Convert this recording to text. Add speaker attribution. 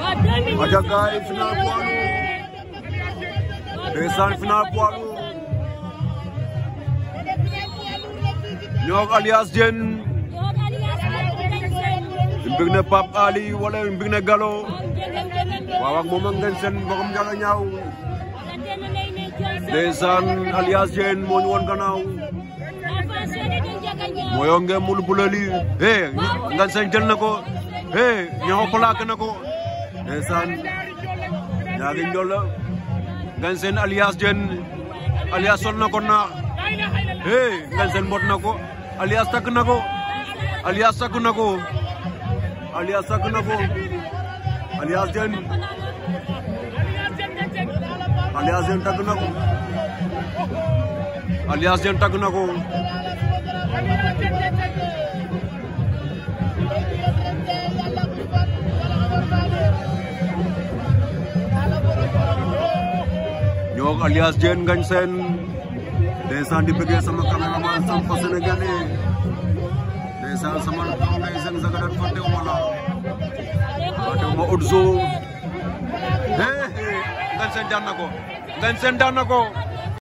Speaker 1: Ajakai final poids Desa final poids Nyok Alias Jen mbig pap Ali wala mbig na Gallo. waaw ak moom nyau ngeen Alias Jen moo Kanau woon mulu bulali. eh ngeen seen nako na ko. pelak nako ndeysaan ñaari njool la ngañ seen alias sol na ko naax na ko alias takk na ko alias takk na ko alias takk na ko alias Diène alias Diène takk na ko alias Diène takk na ko donc alias Diène Ngagne Sène ndeysaan di bëggee sama caméraman sampa sénégalais ndeysaan sama am seen sagadat fa teew ma la fa teew ma Odzo daan na ko Ngagne Sène daan na ko